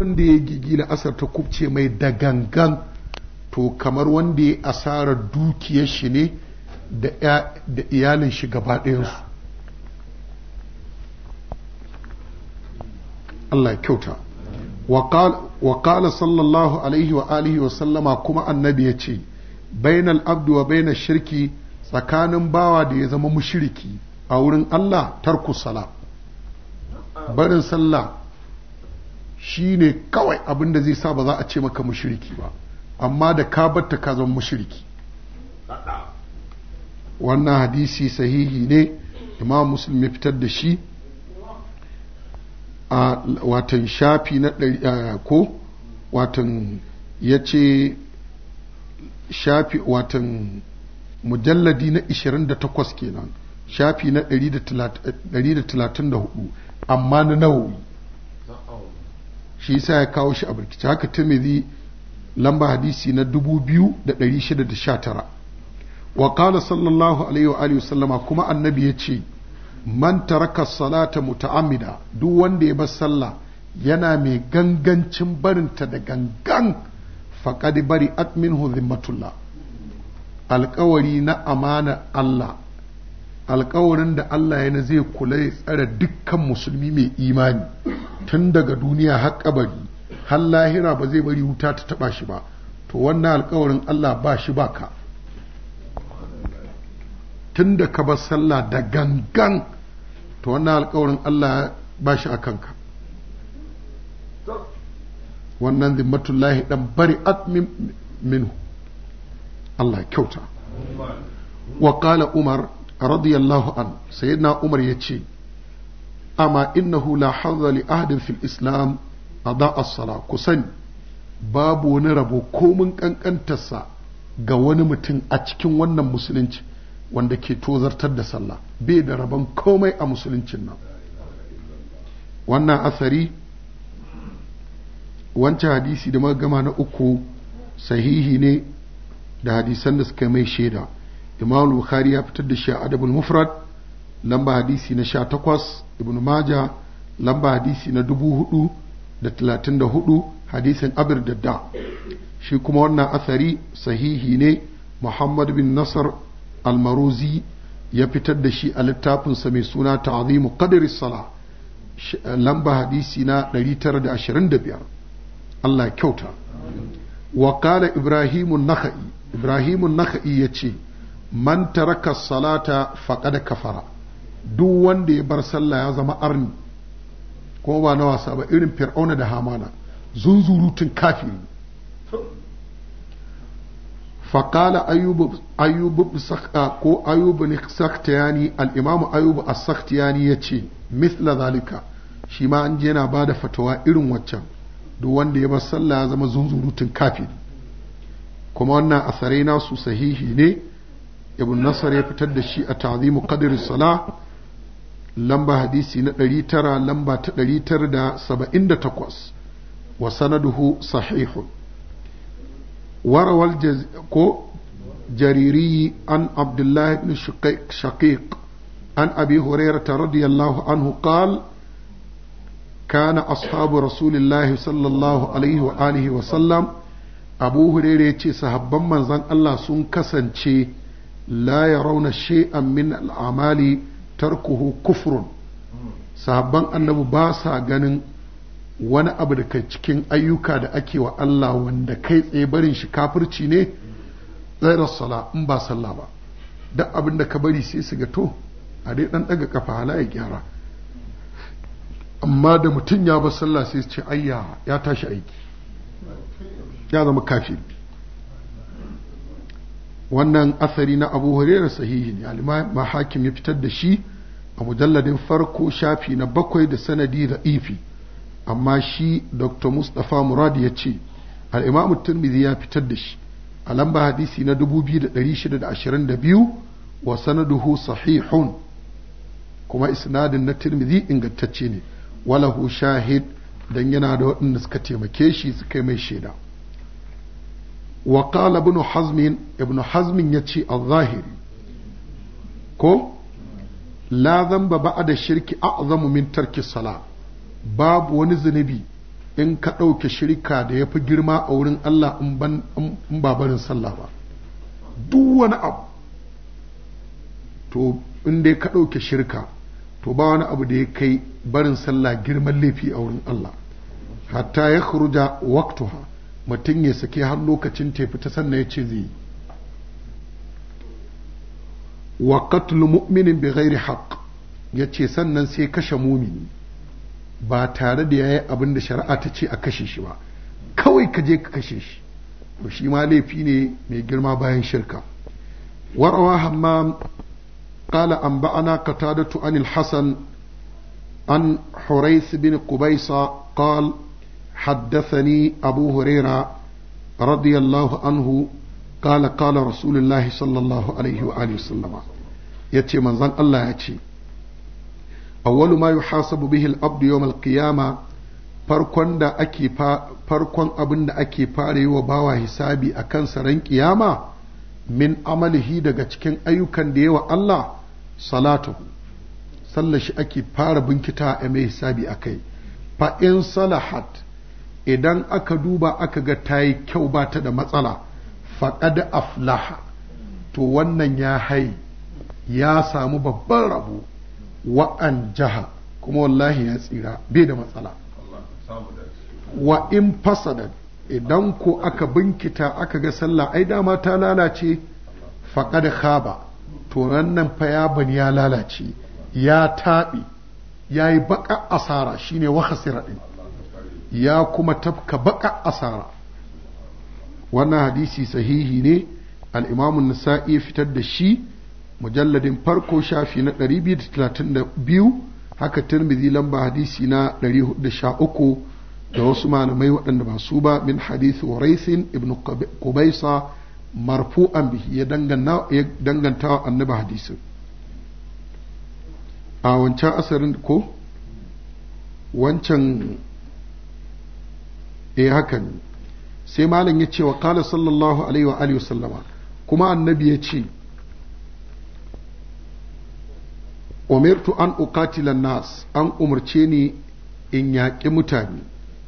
wanda ya gigi asar ta kubce mai da gangan to kamar wanda ya asara dukiyar shi ne da iyalin shi gaba ɗayansu Allah kyauta wa sallallahu alaihi wa alihi wa sallama kuma annabi ya ce bainal abdu wa bainal shirki tsakanin bawa da ya zama mushiriki a wurin Allah tarku sala barin sallah shi ne kawai abin da zai sa ba za a ce maka mushiriki ba amma da ka batta ka zama mushiriki wannan hadisi sahihi ne imam muslim ya fitar da shi a watan shafi na ko watan ya ce shafi watan mujalladi na 28 kenan shafi na 134 amma na nawawi shi yasa ya kawo shi a birkice haka tirmidhi lamba hadisi na 2619 wa qala sallallahu alaihi wa alihi sallama kuma annabi ya ce man taraka salata muta'ammida duk wanda ya bar sallah yana mai gangancin barinta da gangan faqad bari at minhu zimmatullah alƙawari na amana Allah alkawarin da Allah ya na zai kula ya tsara dukkan musulmi mai imani tun daga duniya har kabari har lahira ba zai bari wuta ta taba shi ba to wannan alkawarin Allah ba shi ba ka tun da ka bar sallah da gangan to wannan alkawarin Allah ba shi a kanka wannan zimmatullahi dan bari min minhu Allah kyauta wa qala umar radiyallahu an sayyidina umar ya ce amma innahu la hadda li ahadin fil islam ada as ku sani babu wani rabo komin kankantarsa ga wani mutum a cikin wannan musulunci wanda ke tozartar da sallah bai da rabon komai a musuluncin nan wannan asari wancan hadisi da magama na uku sahihi ne da hadisan da suka mai shaida imam bukhari ya fitar da shi a adabul mufrad lamba hadisi na sha takwas ibn maja lamba hadisi na dubu hudu da talatin da hudu hadisin abir dadda shi kuma wannan asari sahihi ne muhammad bin nasar almaruzi ya fitar da shi a littafinsa mai suna ta'azimu qadri sala lamba hadisi na 925 Allah kyauta wa qala ibrahimun nakhai ibrahimun nakhai yace man taraka salata faqad kafara duk wanda ya bar sallah ya zama arni kuma ba na wasa ba irin fir'auna da hamana zunzurutun kafiri ayyub ayyubu ko ayyubu ne saktiyani al'imamu ayyubu a saktiyani ya ce mithla zalika shi ma an yana bada fatawa irin waccan duk wanda ya bar sallah ya zama zunzurutun kafiri kuma wannan asarai nasu sahihi ne ibn nasar ya fitar da shi a ta'zimu qadri salah lamba hadisi na 900 lamba ta 978 wa sanaduhu sahihun warawal ko jariri an abdullahi ibn shaqiq an أبي هريرة رضي الله عنه قال كان أصحاب رسول الله صلى الله عليه وآله وسلم أبو هريرة صحابا من زن الله سن كسن la يرون شيئا min al'amali تركه kufrun sahabban annabu ba sa ganin wani abu da kai cikin ayyuka da ake wa Allah wanda kai tsaye barin shi kafirci ne tsairar sala in ba sallah ba duk abin da ka bari sai su ga to a dai dan daga kafa hala ya gyara amma da mutum ya ba sallah sai su ce ayya ya tashi aiki ya zama kafiri wannan asari na abu huraira sahihi ne alima hakim ya fitar da shi a mujalladin farko shafi na bakwai da sanadi da ifi amma shi dr mustapha murad ya ce al'imamu turmizi ya fitar da shi a lamba hadisi na 2622 wa sanaduhu sahihun kuma isnadin na turmizi ingantacce ne walahu shahid don yana da waɗanda suka taimake shi suka yi mai shaida wa qala ibn hazm ibn hazm yace al-zahiri ko la zamba ba'da shirki a'zamu min tarki salat babu wani zunubi in ka ɗauke shirka da ya fi girma a wurin Allah in ba barin sallah ba duk wani abu to in dai ka ɗauke shirka to ba wani abu da ya kai barin sallah girman laifi a wurin Allah hatta ya khuruja mutum ya sake har lokacin tefi ta sannan ya ce zai wa qatlu mu'minin bi ghairi haqq ce sannan sai kashe mumini ba tare da yayi abin da shari'a ta ce a kashe shi ba kawai ka je ka kashe shi to shi ma laifi ne mai girma bayan shirka warawa hammam qala anba'ana katadatu anil hasan an hurayth bin qubaysa qala حدثني أبو هريرة رضي الله عنه قال قال رسول الله صلى الله عليه وآله وسلم يتي من ظن الله يتي أول ما يحاسب به العبد يوم القيامة farkon da ake farkon abin da ake fare wa bawa hisabi a kan ran kiyama min amalihi daga cikin ayyukan da yawa Allah salatu sallashi ake fara bincika a mai hisabi a kai fa in salahat idan aka duba aka ga ta yi kyau ba ta da matsala faƙad aflaha to wannan ya hai ya samu babban rabo wa'an jaha kuma wallahi ya tsira bai da matsala wa in fasadat idan ko aka binkita aka ga sallah ai dama ta lalace faƙad khaba to wannan fa ya bani ya lalace ya taɓi ya yi baƙa asara shine wa khasira ɗin ya kuma tafka baka asara wannan hadisi sahihi ne al'imamun nasa'i fitar da shi mujalladin farko shafi na 232 haka tirmidhi lamba hadisi na 413 da wasu malamai waɗanda ba su ba min hadisi waraisin ibn kubaisa marfu'an bihi ya danganta wa annaba hadisin a wancan asarin ko wancan ya eh, haka ne sai malam ya ce wa kala sallallahu alaihi wa alihi sallama kuma annabi ya ce umirtu an uqatila nas an umarce ni in yaƙi mutane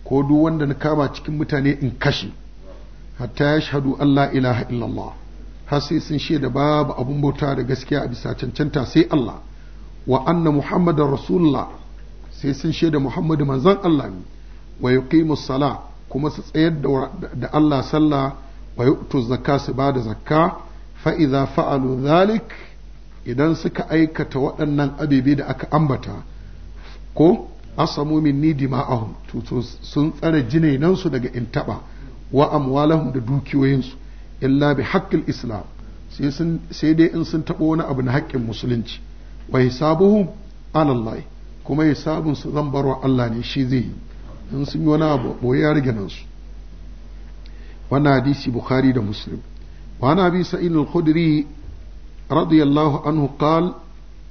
ko duk wanda na kama cikin mutane in kashe hatta ya shahadu Allah ilaha illallah har sai sun shaida babu abun bauta da gaskiya a bisa cancanta sai Allah wa anna muhammadan rasulullah sai sun shaida muhammadu manzon Allah ne wa yuqimus sala kuma su tsayar da Allah sallah wa yu'tu zakka su ba da zakka fa idza fa'alu zalik idan suka aikata waɗannan abibi da aka ambata ko asamu minni dima'ahum to sun tsare jinainansu daga intaba wa amwalahum da dukiyoyinsu illa bi haqqil islam sai dai in sun taɓo wani abu na haƙƙin musulunci wa hisabuhum ala kuma hisabun su zan barwa Allah ne shi zai yi in sun yi wani abu boye ya rage nan su wannan hadisi bukhari da muslim wa na bi sa'id al-khudri radiyallahu anhu qal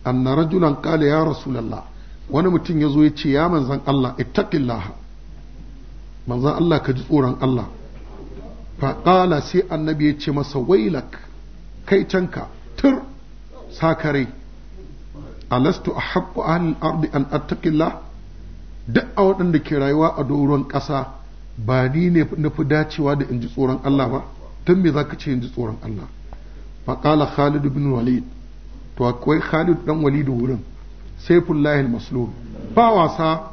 anna rajulan qala ya rasulullah wani mutum ya zo ya ce ya manzan Allah ittaqillah manzan Allah ka ji tsoron Allah fa qala sai annabi ya ce masa wailak kai canka tur sakarai alastu ahabbu ahli al-ardi an attaqillah duk a waɗanda ke rayuwa a doron ƙasa ba ni ne na fi dacewa da in ji tsoron Allah ba tun me za ka ce in ji tsoron Allah faƙala Khalid bin Walid to akwai Khalid ɗan Walid wurin sai al-Maslum ba wasa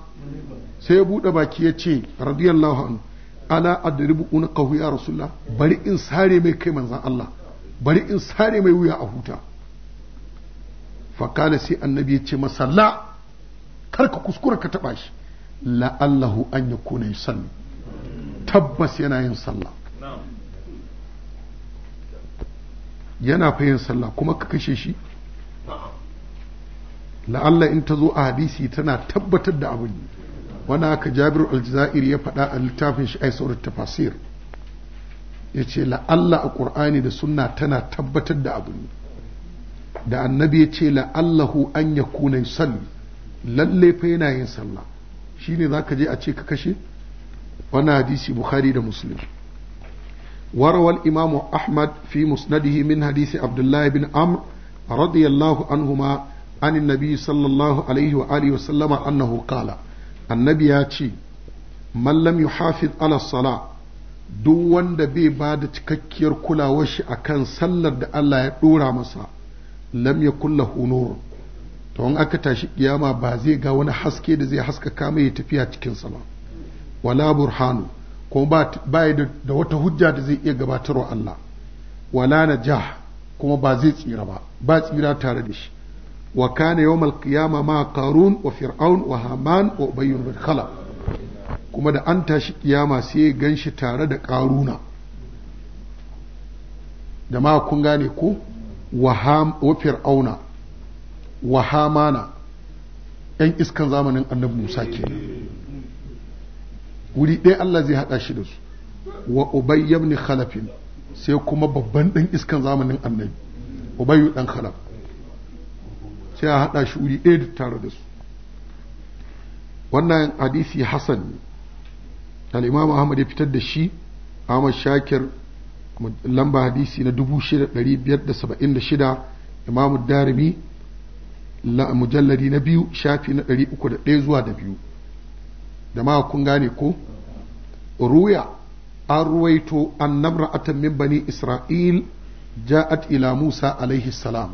sai buɗe baki ya ce radiyallahu anhu ala adribu na ya rasulullah bari in sare mai kai manzan Allah bari in sare mai wuya a huta faƙala sai annabi ya ce masalla kar ka kuskura ka taɓa shi la'allahu an yakuna yusalli tabbas yana yin sallah yana fa yin sallah kuma ka kashe shi la'alla in ta zo a hadisi tana tabbatar da abin wani aka jabir aljazair ya faɗa a littafin shi ai saurin tafasir ya ce la'alla a ƙur'ani da sunna tana tabbatar da abin da annabi ya ce la'allahu an yi kuna lalle fa yana yin sallah shine za ka je a ce ka kashe wannan hadisi bukhari da muslim warawal Imam ahmad fi musnadihi min hadisi abdullahi bin amr radiyallahu anhuma an nabi sallallahu alaihi wa alihi wa annahu qala annabi ya ce Mallam lam yuhafiz ala duk wanda bai ba da cikakkiyar kulawar shi akan sallar da Allah ya ɗora masa lam yakul lahu nurun to in aka tashi kiyama ba zai ga wani haske da zai haskaka mai tafiya cikin sama wala burhanu ko ba da wata hujja da zai iya gabatarwa Allah wala najah kuma ba zai tsira ba ba tsira tare da shi wa kana yawmal qiyama ma qarun wa fir'aun wa haman wa ubay bin khalaf kuma da an tashi kiyama sai ya ganshi tare da karuna jama'a kun gane ko wa ham wa fir'auna wa hamana ‘yan iskan zamanin annabi Musa ke wuri ɗaya Allah zai haɗa shi da su wa ubai yabni khalafin sai kuma babban ɗan iskan zamanin annabi ubayu ɗan khalaf sai a haɗa shi wuri ɗaya tare da su wannan hadisi hasan al'imamu ahmad ya fitar da shi ahmad shakir lamba hadisi na 6576 Imam darimi la mujalladi na biyu shafi na ɗari uku da ɗaya zuwa da biyu da ma kun gane ko ruya an ruwaito an namra atan min bani isra'il ja'at ila musa alaihi salam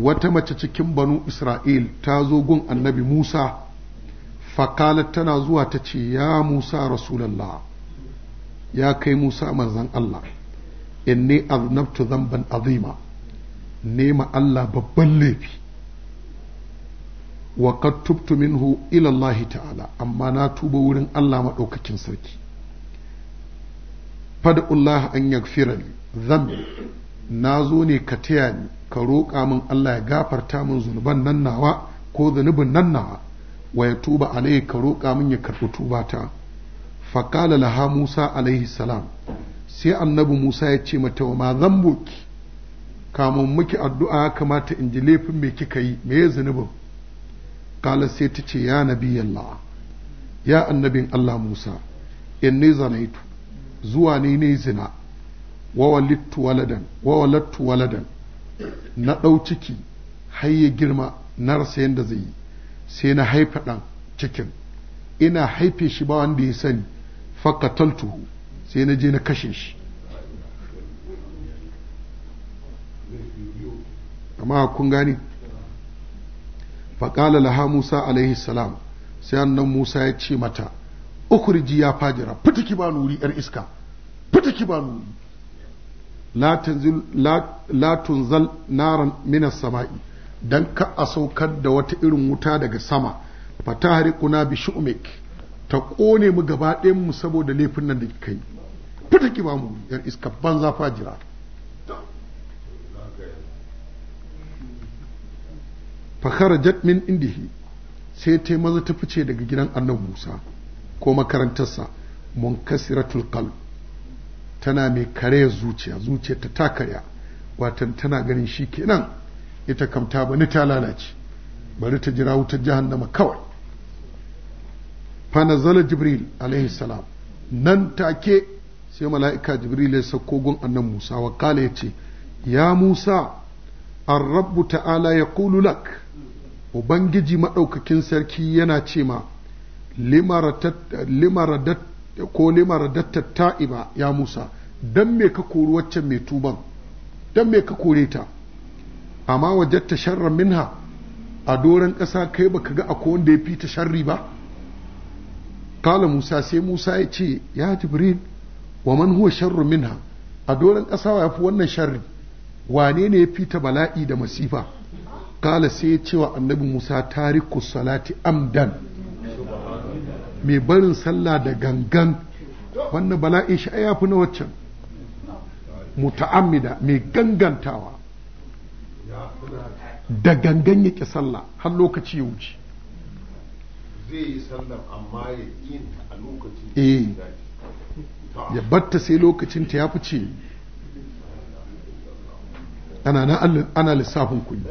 wata mace cikin banu isra'il ta zo gun annabi musa fakalar tana zuwa ta ce ya musa rasulallah ya kai musa manzan allah inni aznabtu zamban azima nema allah babban laifi wa kad tubtu minhu ila Allah ta'ala amma na tuba wurin Allah madaukakin sarki fad'ullah an yaghfira li dhanbi na zo ne ka taya ni ka roƙa min Allah ya gafarta min zunuban nan nawa ko zunubin nan nawa wa ya tuba alai ka roƙa min ya karɓi fa qala laha Musa alaihi salam sai annabi Musa ya ce mata wa ma zambuki kamun miki addu'a kamata in ji laifin me kika yi me zunubin kala sai ta ce ya nabi Allah ya annabin Allah Musa in ni ne zina wa walittu waladan na ɗau ciki har ya girma na zai yi sai na haifa ɗan cikin ina haife shi ba wanda ya sani fakataltuhu sai na na kashe shi amma kun faƙala laha musa alaihi salam sai annan musa ya ce mata ukurji ya fajira fita ki ba nuri yar iska fita ki ba nuri la tunzal naran minas sama'i dan ka a saukar da wata irin wuta daga sama fata harikuna bi shu'mik ta ƙone mu gaba mu saboda laifin nan da kai fita ki ba mu yar iska banza fajira fakharajat min indihi sai ta yi maza ta fice daga gidan annabi Musa ko makarantarsa munkasiratul qalb tana mai kare zuciya zuciya ta takarya watan tana ganin shi kenan ita kam ta bani ta lalace bari ta jira wutar jahannama kawai fanazala jibril alaihi salam nan take sai mala'ika jibril ya sauko gun annan musa wa kala ya ce ya musa الرب تعالى يقول لك وبنجي ما أوككين سركي ينا تشيما لما ردت لما ردت ya Musa dan me ka kori waccan mai tuban dan me ka kore ta amma wajatta sharran minha a doron ƙasa kai baka ga akwai wanda ya fita sharri ba kala Musa sai Musa ya ce ya Jibril wa man huwa sharrun minha a doron ƙasa ya fi wannan sharri wane ne ya fita bala'i da masifa kala sai cewa annabi musa tariku salati amdan mai barin sallah da gangan wannan bala'in shi ya fi na waccan muta'ammida mai gangantawa da gangan ya sallah har lokaci ya wuce zai yi sallar amma ya yi a lokacin eh. ya batta sai lokacinta ya fice ana na ana lissafin kuɗi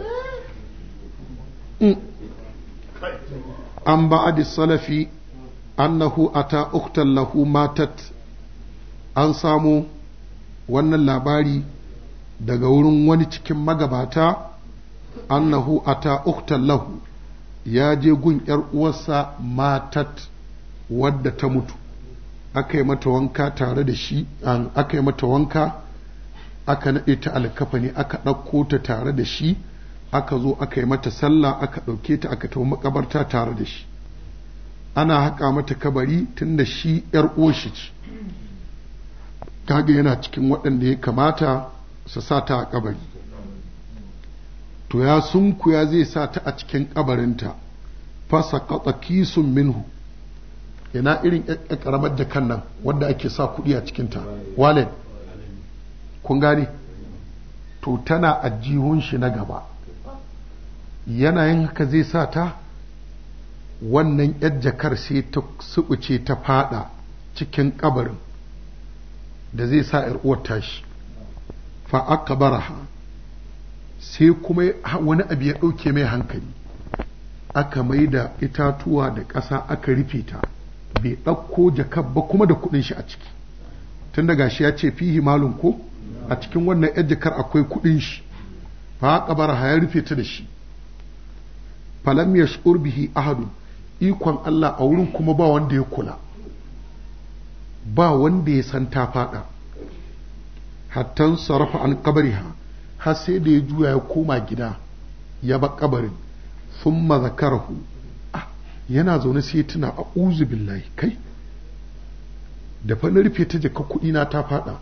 an ba'adi salafi annahu ata uktan lahu matat an samu wannan labari daga wurin wani cikin magabata annahu ata uktan lahu ya je gun yar uwarsa matat wadda ta mutu aka yi mata wanka tare da shi aka yi mata wanka aka naɗe ta alkafani aka ɗauko ta tare da shi aka zo aka yi mata sallah aka ɗauke ta aka tafi makabarta tare da shi ana haƙa mata kabari tun da shi ‘yar oshi ce kaga yana cikin waɗanda ya kamata su sa ta a kabari to ya sunkuya zai sa ta a cikin kabarinta fasa katsa kisun minhu yana irin ƙaramar da kan nan wadda ake sa kuɗi a cikinta Walet. kun gane to tana ajihun shi na gaba Yana yin haka zai sa ta wannan yar jakar sai ta suɓuce ta fada cikin kabarin da zai sa uwar tashi fa aka baraha sai kuma wani abu ya ɗauke mai hankali aka mai da itatuwa da ƙasa aka rufe ta bai ɗauko jakar ba kuma da kuɗin shi a ciki tun daga shi ya ce fihi malun ko a cikin wannan yar jakar akwai kuɗin shi fa kabara ya rufe ta da shi falam yashur bihi ahadu ikon Allah a wurin kuma ba wanda ya kula ba wanda ya san ta fada hattan sarrafa an ha, har sai da ya juya ya koma gida ya ba kabarin sun mazakarahu ah, yana zaune sai tuna a uzu billahi kai da fa na rufe ta jaka kuɗi na ta fada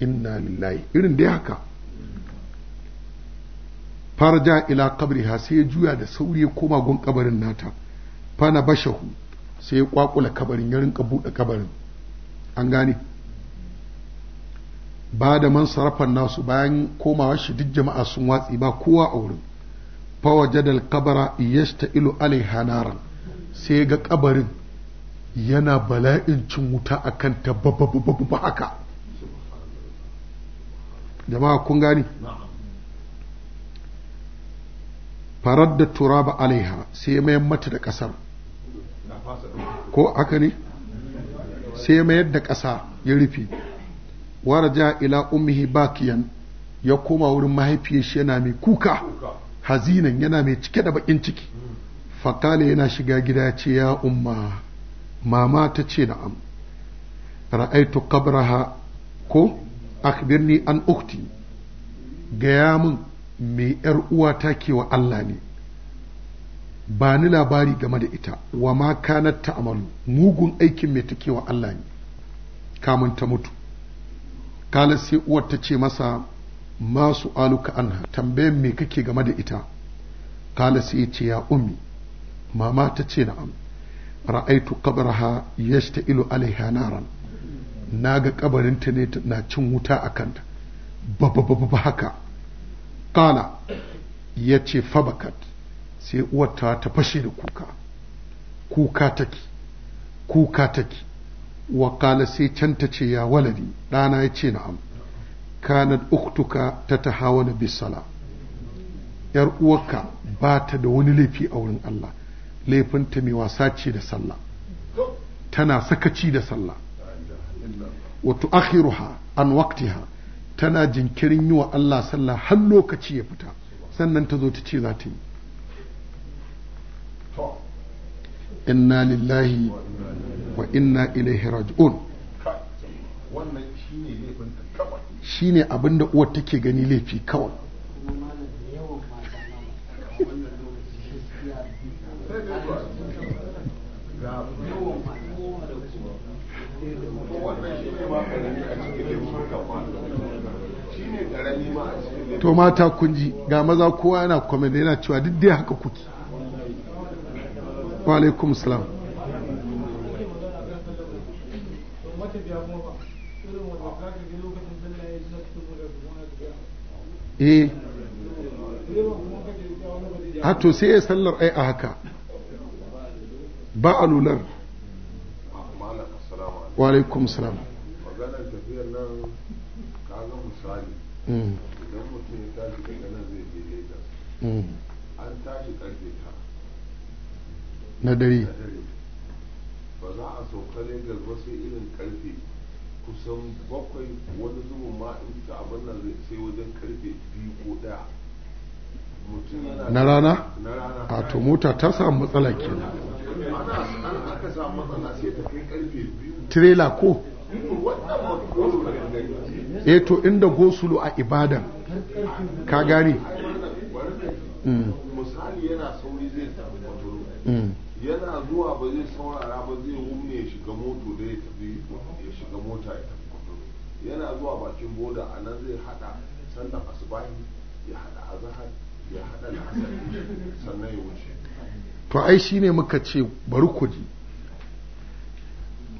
inna lillahi irin dai haka farja ila qabriha sai ya juya da sauri ya koma gun kabarin nata fana bashahu sai ya kwakula kabarin ya rinka buɗe kabarin an gane ba da man sarrafan nasu bayan komawa shi duk jama'a sun watsi ba kowa a wurin fawajadal kabara yasta ilu alaiha naran sai ga kabarin yana bala'in cin wuta akan ta babba haka jama'a kun gani farar da turaba alaiha sai ya mayar mata da ƙasar ko haka ne sai ya mayar da ƙasa ya rufe waraja ila ummihi bakiyan ya koma wurin mahaifiyar yana mai kuka hazinan yana mai cike da bakin ciki fakale yana shiga gida ya ce ya umma mama ta ce na'am ra'aitu kabraha ko akhbirni an ukti gaya min me yar uwata ke wa Allah ne ba ni labari game da ita wa ma kanat ta'malu mugun aikin me take wa Allah ne kamun ta mutu kala sai uwar ta ce masa masu aluka anha tambayan me kake game da ita kala sai ce ya ummi mama ta ce na'am ra'aitu qabraha yashta'ilu alaiha naran na ga kabarinta ne na cin wuta a kanta ba haka kala ya ce fabakat sai uwarta ta fashe da kuka kuka take kuka take wa kala sai can ta ce ya waladi ɗana ya ce na'am kanat uktuka ta ta hawa na bisala yar uwarka ba ta da wani laifi a wurin Allah laifinta mai wasa ce da sallah tana sakaci da sallah wa tu'akhiruha an waqtiha tana jinkirin yi wa Allah sallah har lokaci ya fita sannan ta zo ta ce za ta yi inna lillahi wa inna ilaihi raji'un shine abinda uwar take gani laifi kawai to mata kun ji ga maza kowa yana kwamenda yana cewa duk dai haka kuki wa alaikum salam eh a to sai ya sallar ai a haka ba lular. wa alaikum salam nan kaga misali na dare a sauka Lagos ba sai irin kusan bakwai wani zubin ma in na rana? a to mota ta samu matsala ke ana aka samu matsala sai ta kai karfe biyu tirela ko? eto eh inda gosulu a ibadan ka gane mm. misali yana sauri zai tafi kwatoro mm. yana zuwa ba zai saurara ba zai wumne ya shiga moto da ya tafi ya shiga mota ya tafi kwatoro yana zuwa bakin boda a nan zai hada sannan asubahi ya hada azahar ya hada lasar sannan ya wuce to ai shine muka ce bari ku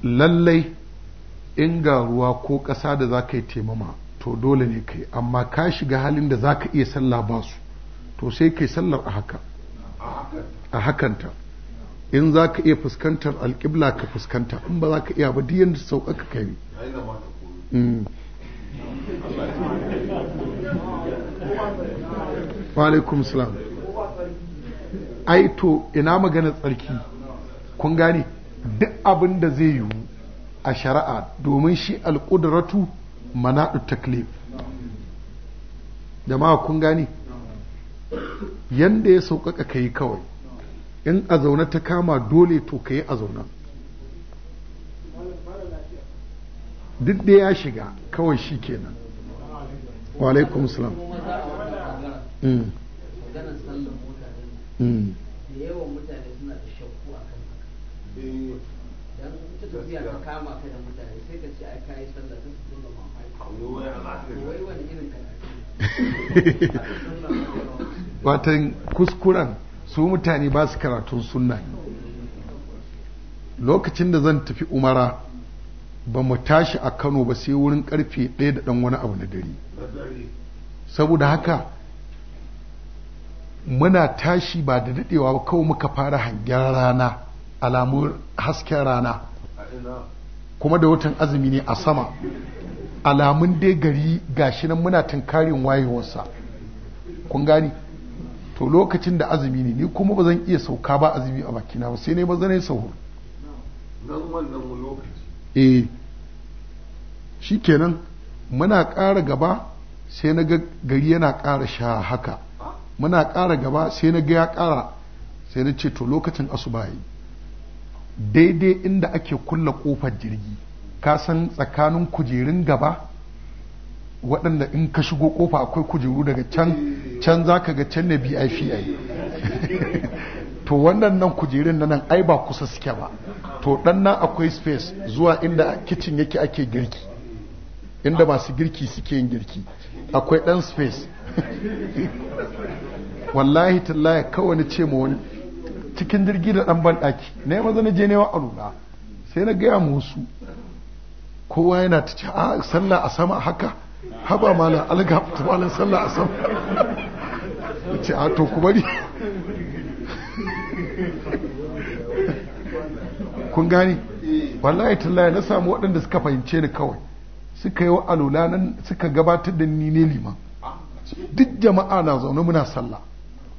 lallai in ga ruwa ko ƙasa da za ka yi taimama to dole ne kai amma ka shiga halin da za ka iya sallah ba su to sai kai sallar a haka a hakanta in za ka iya fuskantar alƙibla ka fuskanta in ba za ka iya ba duk yadda sauƙaƙa kai ne mm. salam ai to ina magana tsarki kun gane duk abin da zai yiwu a shari'a domin shi alƙudratu manaɗu taklif jama'a kun gani yanda ya sauƙaƙa ka yi kawai in a zaune ta kama dole to ka yi a zaune duk da ya shiga kawai shi kenan walaikum salam mm. Mm. da mm. tafiya ka mutane sai karatu kuskuren su mutane ba su karatun sunna lokacin da zan tafi umara ba mu tashi a kano ba sai wurin karfe ɗaya da ɗan wani abu na dare saboda haka muna tashi ba da daɗewa ba kawai muka fara hangen rana alamun hasken rana kuma da watan azumi ne a sama alamun dai gari gashi nan muna tunkarin wayewarsa kun gani to lokacin da azumi ne ni kuma ba zan iya sauka ba azumi a bakina ba sai ne ba zan sauka. eh shi kenan muna ƙara gaba sai na gari yana ƙara sha haka muna ƙara gaba sai na ga ya ƙara sai na ce to lokacin asuba yi daidai inda ake kulla kofar jirgi ka san tsakanin kujerun gaba waɗanda in ka shigo kofa akwai kujeru daga can can za ka ga can ne bifi to wannan nan kujerun na nan ai ba kusa suke ba to ɗan na akwai space zuwa inda kicin yake ake girki inda masu girki suke yin girki akwai ɗan space wallahi tallahi kawai ce ma wani cikin jirgi da ɗan banɗaki na yi mazana je newa aruna sai na gaya musu kowa yana ta ce a ah, sallah a sama haka haba malam alga tumalin sallah a sama ce a ah, to ku bari kun gani wallahi tallaya na samu waɗanda suka fahimce ni kawai suka yi wa alula nan suka gabatar da ni ne liman duk jama'a na zaune muna sallah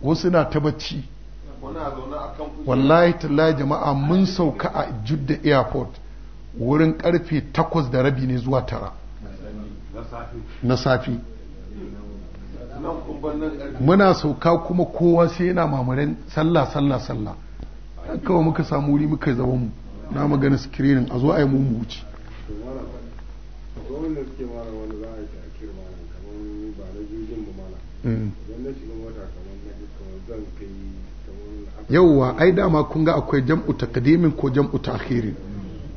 wasu na ta bacci wallahi tallahi jama'a mun sauka a judda airport wurin karfe takwas da rabi ne zuwa tara na safi muna sauka kuma kowa sai yana mamarin sallah sallah sallah kawai muka samu wuri muka zama mu na magana screening a zo a yi mu wuce akwai suke mara yauwa ai dama kun ga akwai jam'u taqdimin ko jam'u ta'khirin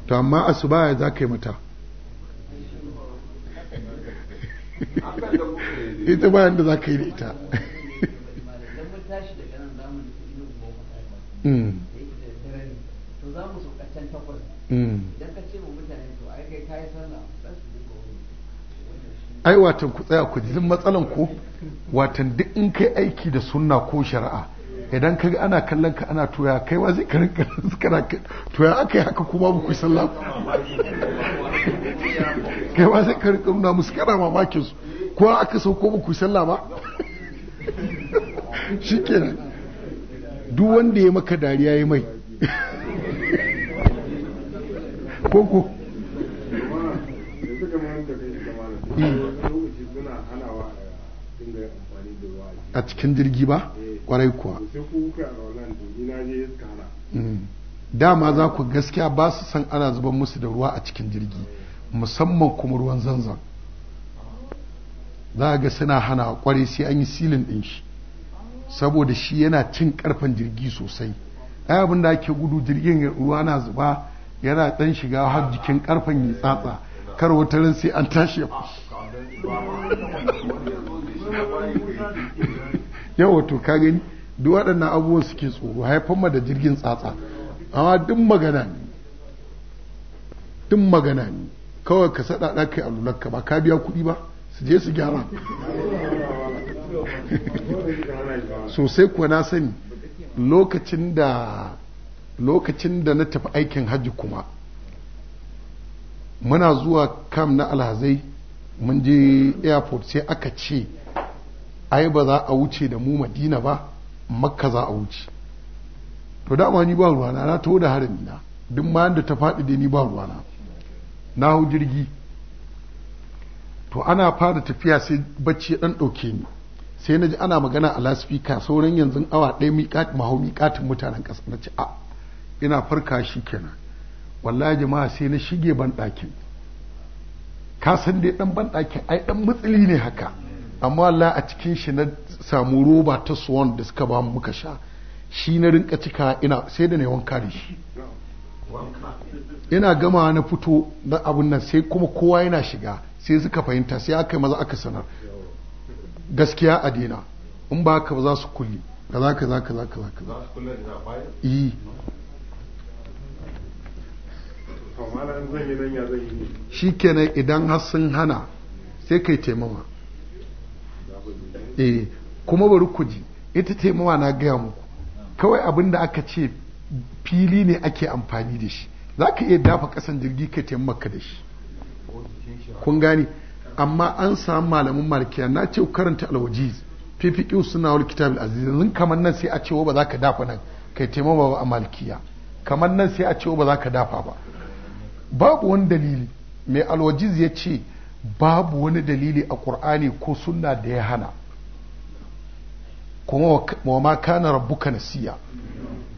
to amma asuba ya za yi mata ita bayan da za ka yi da ita Mm. mm. mm. ai watan ku tsaya ku jin matsalan ko watan duk in kai aiki da sunna ko shari'a idan kaga ana kallon ka ana toya kai wa zai karin kana toya akai haka kuma ba ku sallah kai wa zai karin kuma musu kana mamakin su ko aka sauko ba ku sallah ba shikenan duk wanda ya maka dariya ya mai koko Hmm. a cikin jirgi ba eh. kwarai kuwa hmm. dama za ku gaskiya ba su san ana zuban musu da ruwa a cikin jirgi eh. musamman kuma ruwan zanzan za a ga suna hana kwarai sai an yi silin ɗin shi saboda shi yana cin karfan jirgi sosai ɗaya abin da ake gudu jirgin ruwa na zuba yana ɗan shiga har jikin karfan yi tsatsa kar wata ran sai an tashi yawa wato ka gani duk waɗannan abubuwan suke tsoro haifan ma da jirgin tsatsa amma duk magana ne duk magana ne kawai ka saɗa ɗaka a lulakka ba ka biya kuɗi ba su je su gyara sosai kuwa na sani lokacin da lokacin da na tafi aikin hajji kuma muna zuwa kam na alhazai mun je airport sai aka ce ai ba za a wuce da mu madina ba makka za a wuce to dama ni ba ruwana na to da harin na duk ma da ta faɗi da ni ba ruwana na hau jirgi to ana fara tafiya sai bacci ya ɗan ɗauke ni sai na ji ana magana a laspika sauran yanzu awa ɗaya miƙat mahau miƙatin mutanen ƙasa na ce a ina farka shi kenan wallahi jama'a sai na shige ban ɗakin ka san dai ɗan ban ɗakin ai ɗan matsali ne haka amma wallahi a cikin shi na samu roba ta swan da suka ba muka sha shi na rinka cika ina sai da na wanka da shi ina gama na fito na abun nan sai kuma kowa yana shiga sai suka fahimta sai aka yi maza aka sanar gaskiya a dina in ba ka ba za su kulli kaza kaza kaza kaza kaza shi kenan idan har hana sai kai taimama e kuma bari ku ji ita taimama na gaya muku kawai abin da aka ce fili ne ake amfani da shi za ka iya dafa kasan jirgi ka taimaka da shi kun gane amma an samu malamin malkiya na ce karanta alwajiz fifiƙi suna wani kitab aziz yanzu kamar nan sai a ce ba za ka dafa nan kai taimama ba a malkiya kamar nan sai a ce ba za ka dafa ba babu wani dalili mai alwajiz ya ce babu wani dalili a ƙur'ani ko sunna da ya hana kuma wa ma kana rabbuka nasiya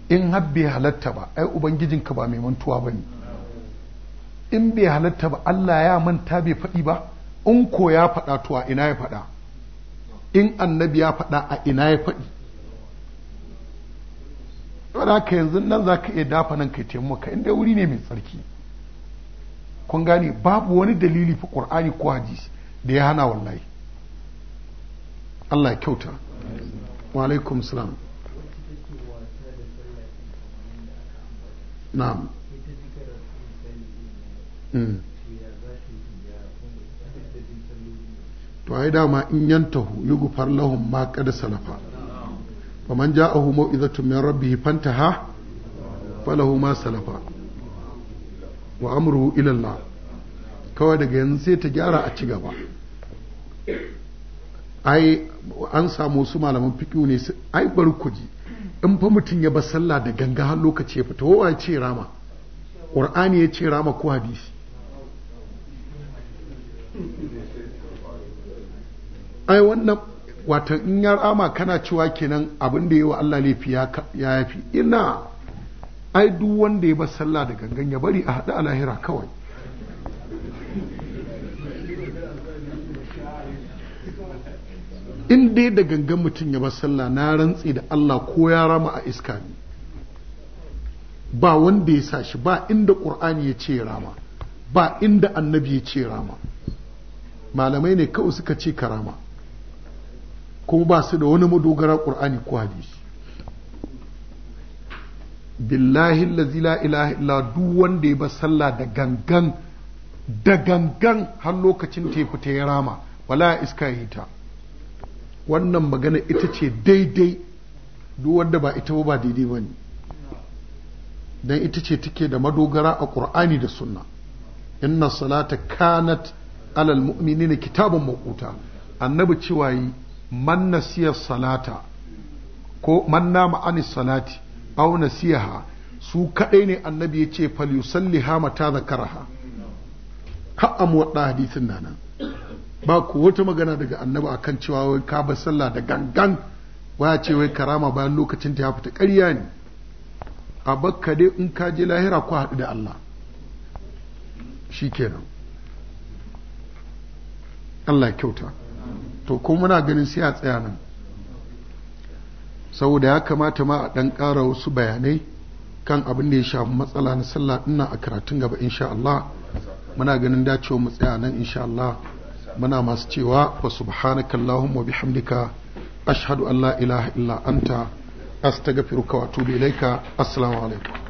in har bai halatta ba ai ubangijinka ba mai mantuwa ba ne in bai halatta ba Allah ya manta bai faɗi ba in ko ya faɗa to a ina ya faɗa in annabi ya faɗa a ina ya faɗi wadda ka yanzu nan za ka iya dafa nan kai taimaka inda wuri ne mai tsarki kun gane babu wani dalili fi qur'ani ko hadisi da ya hana wallahi Allah ya kyauta wa salam na'am mm. to ai dama in yantahu yughfar lahum ma qad salafa faman ja'ahu mau'izatun min rabbih fantaha falahu ma salafa wa amru ilallah kawai daga yanzu sai ta gyara a ci gaba ai an samu su malaman fiƙi ne ai bar ku ji in fa mutum ya ba sallah da ganga har lokaci ya fita wa ce rama qur'ani ya ce rama ko hadisi ai wannan wata in ya rama kana cewa kenan abin da wa Allah laifi ya yafi ina ai duk wanda ya bar sallah da gangan ya bari a haɗu a lahira kawai in dai da gangan mutum ya bar sallah na rantsi da Allah ko ya rama a iska ne ba wanda ya sa shi ba inda ƙur'ani ya ce rama ba inda annabi ya ce rama malamai ne kawai suka ce karama kuma ba su da wani madogara ƙur'ani ko hadisi billahi lazi la ilaha illa duk wanda ya ba sallah da gangan da gangan har lokacin tefi ta ya rama wala iska ya wannan magana ita ce daidai duk wanda ba ita ba daidai ba ne don ita ce take da madogara a ƙur'ani da sunna inna salata kanat alal na kitabun maƙuta annabi cewa yi man nasiya salata ko man nama anis salati aw nasiha su kadai ne annabi ya ce fal yusalliha mata zakaraha ka amu wadda hadisin nan ba ku wata magana daga annabi akan cewa wai ka ba sallah da gangan ya ce wai karama bayan lokacin ta ya fita ƙarya ne a bakka dai in ka je lahira ku haɗu da Allah shikenan Allah kyauta to kuma muna ganin sai a tsaya nan saboda ya kamata ma a ɗan ƙara wasu bayanai kan abin da ya shafi matsala na sallah ina a karatun gaba insha Allah muna ganin dacewa mu tsaya nan insha Allah muna masu cewa wa subhanaka allahumma bihamdika ashhadu an la ilaha illa anta astaghfiruka wa atubu ilaika assalamu alaikum